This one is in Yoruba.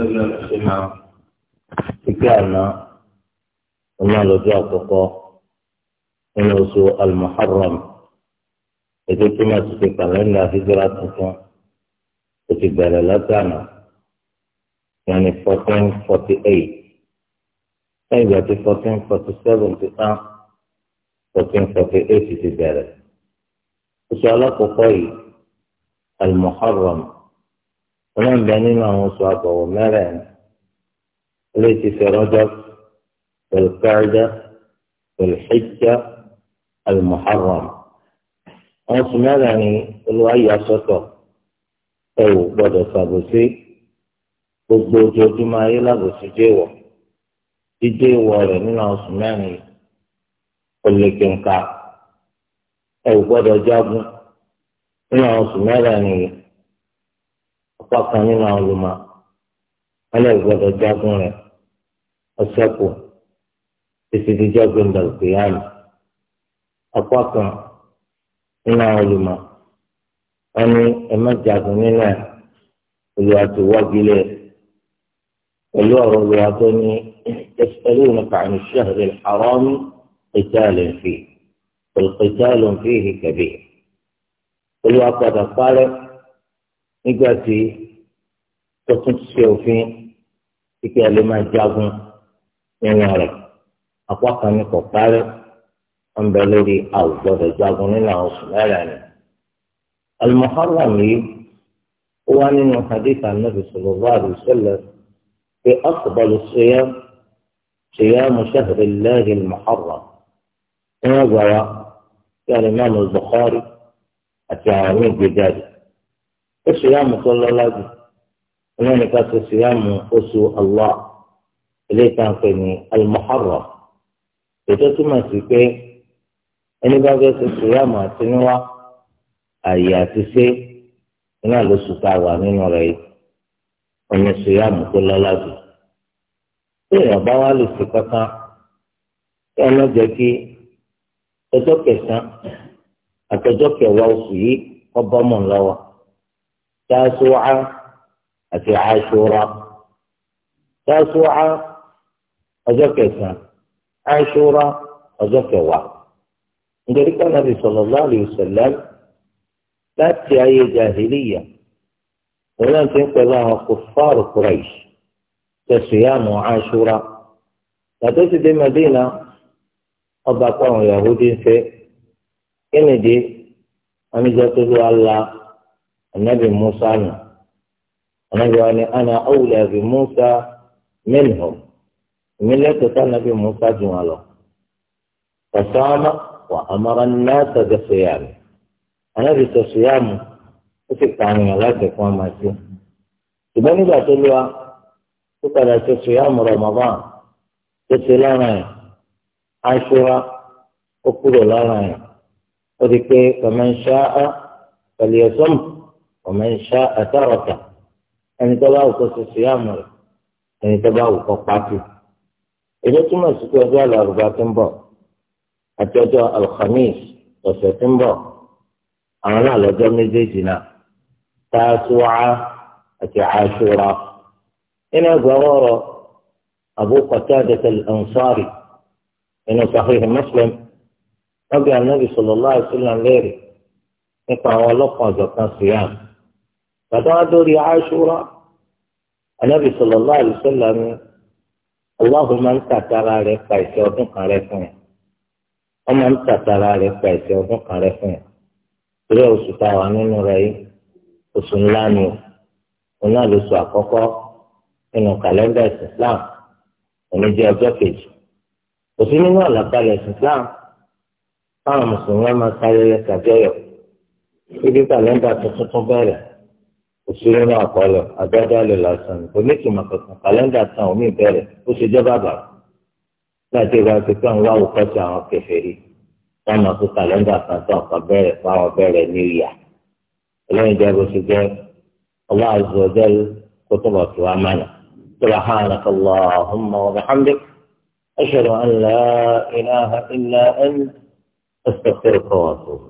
sẹ́lẹ̀ ṣe máa ike àná ọ̀nà lọ́jọ́ àkọ́kọ́ nínú oṣù al-muharram ètò tí wọ́n ti fi kàlẹ́ndà hijira tuntun ó ti bẹ̀rẹ̀ látànà yẹn ní fourteen forty eight lẹ́yìn fourteen forty seven ti tán fourteen forty eight ti bẹ̀rẹ̀ oṣù alákọ̀ọ́kọ́ yìí al-muharram ọlọ́run bẹ nínú àwọn oṣù àbọ̀wọ̀ mẹ́rẹ̀ẹ̀rin ilé ti ṣe rọ́jọ́ pẹ̀lúkẹ́rẹ́dẹ́ pẹ̀lúhẹ́jẹ́ almuharram àwọn oṣù mẹ́rẹ̀ẹ̀rin olùwàyà sọ́tọ̀ ẹ ò gbọ́dọ̀ ṣàbòsí gbogbo ojoojúmọ́ ayé lábòsí jẹ́wọ̀ jíjẹ́ ìwọ rẹ̀ nínú àwọn oṣù mẹ́rin olùkẹ́ńkà ẹ gbọ́dọ̀ jágun nínú àwọn oṣù mẹ́rẹ̀ẹ̀rin apákan nínú àwọn olùmọ̀ alẹ́ gbọ́dọ̀ jagun rẹ̀ ọ̀sẹ̀kù títí di jagun dàgbéyàmù apákan nínú àwọn olùmọ̀ wọn ní ẹ má jagun nínú ẹ̀ olùwà tó wọ́gilé pẹ̀lú ọ̀rọ̀ olùwà tó ní ẹ̀sẹ̀lú nípa àmì ṣẹ́hìrì àrọ́mù ìtàlẹ̀ fi ìtàlẹ̀ fi hìkẹ́bí olùwà padà nígbà tí. tó tún ṣe òfin kíkẹ́ ẹ lè máa jagun nínú rẹ̀ apá kan ní kò parí wọn bẹ lórí àwùjọdọ̀ jagun nínú àwọn oṣù mẹ́rẹ̀ẹ̀rin al-muharram yìí ó wá nínú hadith anabi sallallahu alaihi wasallam pé afdalu siyam siyam shahri llahi al-muharram wọn gbà wá kí alimami al-bukhari àti àwọn míì gbé jáde ó siyam tó lọ́lá jù. ọlọ́run nìkan ṣe síyàmù oṣù allah eléyìí tá à ń pè ní al-muharram ètò túmọ̀ sí pé ẹni bá fẹ́ ṣe síyàmù àtinúwá àyè àti ṣe iná lóṣù tá a wà nínú rẹ̀ yìí ọ̀nà síyàmù tó lọ́lá jù tí èèyàn bá wá lè ṣe kankan kí ọ̀nà jẹ́ kí ọjọ́ kẹsàn-án àtọjọ́ kẹwàá oṣù yìí ọbọ̀mọ̀ ńlọ́wọ́ tá a ṣe wá àti àṣùrà tásùà ọjọ́ kẹsàn-án àṣùrà ọjọ́ kẹwàá nítorí pé nàbì sallallahu alaihi wasallam láti ayé jahiliya òun náà ti ń pẹ̀lú àwọn kòfàrù Quraysh tẹ̀síyàmù àṣùrà yàtọ̀ sí dé Madina ọba kó Yahudi fẹ́ kí nìdí àmì ìjọ tó lù la ànábì Musa nù. أنا أنا أنا أولى بموسى منهم من لا تتنى بموسى جماله فصام وأمر الناس بصيامه أنا بصيامه ó sì pa àwọn èèyàn láti fún ọmọ sí ṣùgbọ́n nígbà tó lé wa ó padà ṣe ṣùyàmù Ramadan tó ṣe lára ẹ̀ Àṣúrà ó kúrò lára ẹ̀ ó di pé ọmọ ń ṣá á pẹ̀lú ẹ̀sọ́mù ẹni tó bá wùkọ́ ṣe ṣe àmọ̀ rẹ̀ ẹni tó bá wùkọ́ pàtó. èdè túmọ̀ sí pé ọjọ́ àlàrúbá ti ń bọ̀ àti ọjọ́ alhamis ọ̀sẹ̀ ti ń bọ̀ àwọn náà lọ́jọ́ méjèèjì náà tààtúwá àti àṣúra. nínú ẹgbẹ́ ọ̀rọ̀ Abu Qatadah ansari nínú Sahih Muslim wọ́n bí Ànábì sallallahu alaihi wasallam léèrè nípa àwọn ọlọ́kan ọ̀jọ̀kan síyàmù bàtà wà dórí aṣúra anábì sallallahu alaihi wasallam ni Allahu máa ń tàtàrà rẹ̀ pa ìṣẹ́ ọdún kan rẹ̀ fún yẹn wọ́n máa ń tàtàrà rẹ̀ pa ìṣẹ́ ọdún kan rẹ̀ fún yẹn torí oṣù tá a wà nínú rẹ̀ yìí oṣù ńlá ni òun náà lóṣù àkọ́kọ́ nínú kàlẹ́ndà Islam òní ọjọ́ kejì òsì nínú àlàkalẹ̀ Islam fáwọn mùsùlùmí máa sáyẹyẹ tàbí ọyọ ibi kàlẹ́ndà tuntun tún bẹ̀rẹ̀ òṣèré náà kọlọ àgbádálẹ lásán ní kò ní ìtumọ̀ kankan kàlẹ́ndà tán òní ìbẹ̀rẹ̀ ó ṣe jẹ́ bàbà láti ìwà pípẹ́ àwọn wá òkọ́sí àwọn kèfèrí táwọn àti kàlẹ́ndà kan tán ọ̀kan bẹ̀rẹ̀ fáwọn bẹ̀rẹ̀ ní ìyà ẹlẹ́yìn jẹ́ bó ṣe jẹ́ ọwọ́ àzọ̀jẹ́ kó tó bọ̀ tó wá mánà سبحانك اللهم وبحمدك أشهد أن لا إله إلا أنت أستغفرك وأتوب